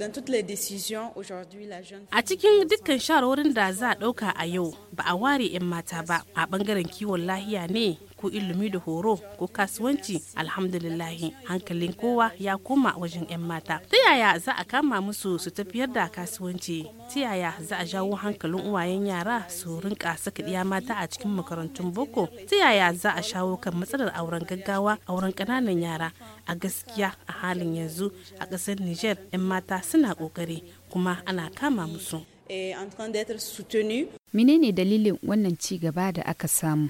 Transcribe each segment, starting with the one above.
A cikin dukkan sharorin da za a ɗauka a yau ba a ware 'yan mata ba a ɓangaren kiwon lahiya ne ko ilimi da horo ko kasuwanci alhamdulillahi hankalin kowa ya koma wajen 'yan mata ta yaya za a kama musu su tafiyar da kasuwanci ta yaya za a jawo hankalin uwayen yara su rinka saka iya mata a cikin makarantun boko ta yaya za a shawo kan matsalar auren gaggawa auren ƙananan yara a gaskiya a halin yanzu a ƙasar niger 'yan mata suna ƙoƙari kuma ana kama musu en train d'être soutenue. Menene dalilin wannan ci gaba da aka samu?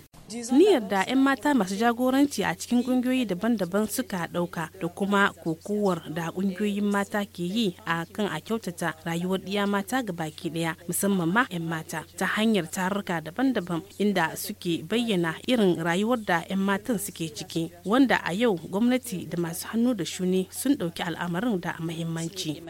Niyyar da 'yan mata masu jagoranci a cikin ƙungiyoyi daban-daban suka ɗauka da kuma kokowar da ƙungiyoyin mata ke yi a kan a kyautata rayuwar ɗiya mata ga baki ɗaya musamman ma 'yan mata ta hanyar tarurka daban-daban inda suke bayyana irin rayuwar da 'yan matan suke ciki wanda a yau gwamnati da masu hannu da shuni sun ɗauki al'amarin da muhimmanci.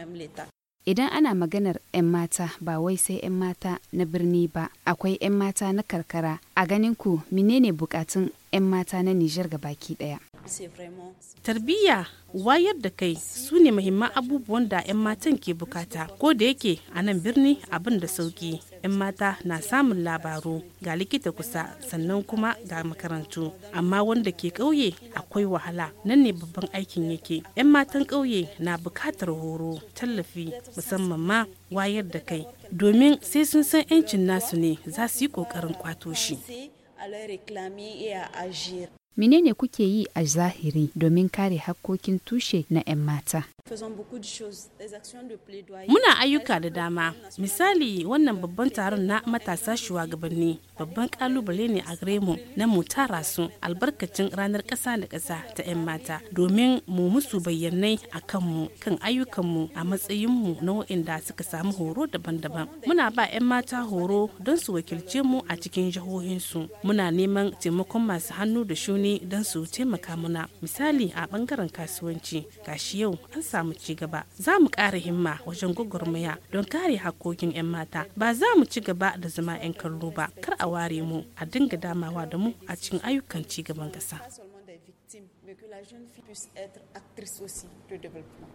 Idan ana maganar 'yan mata ba wai sai 'yan mata na birni ba, akwai 'yan mata na karkara. A ganin ku menene bukatun 'yan mata na Nijar baki ɗaya. Tarbiyya wayar da kai su ne muhimman abubuwan da 'yan matan ke bukata ko da yake a nan birni abin da sauki 'yan mata na samun labaru ga likita kusa sannan kuma ga makarantu amma wanda ke ƙauye akwai wahala nan ne babban aikin yake 'yan matan ƙauye na bukatar horo tallafi musamman ma wayar da kai domin sai sun san 'yancin nasu ne za su yi ƙoƙarin kwato shi. Menene kuke yi a zahiri domin kare hakkokin tushe na 'yan mata? Muna ayyuka da dama. Misali wannan babban taron na matasa shugabanni babban kalubale ne a gare na mu su albarkacin ranar ƙasa da ƙasa ta 'yan mata domin mu musu bayyanai a kanmu kan ayyukanmu a matsayinmu na waɗanda suka samu horo daban-daban. Muna ba 'yan mata horo don su wakilce mu a cikin jihohinsu. Muna neman taimakon masu hannu da shuni ne don su taimaka muna misali a bangaren kasuwanci gashi yau an samu ci gaba za mu ƙara himma wajen gwagwarmaya don kare hakokin 'yan mata ba za mu ci gaba da zama 'yan kallo ba kar a ware mu a dinga damawa da mu a cikin ayyukan ci gaban ƙasa.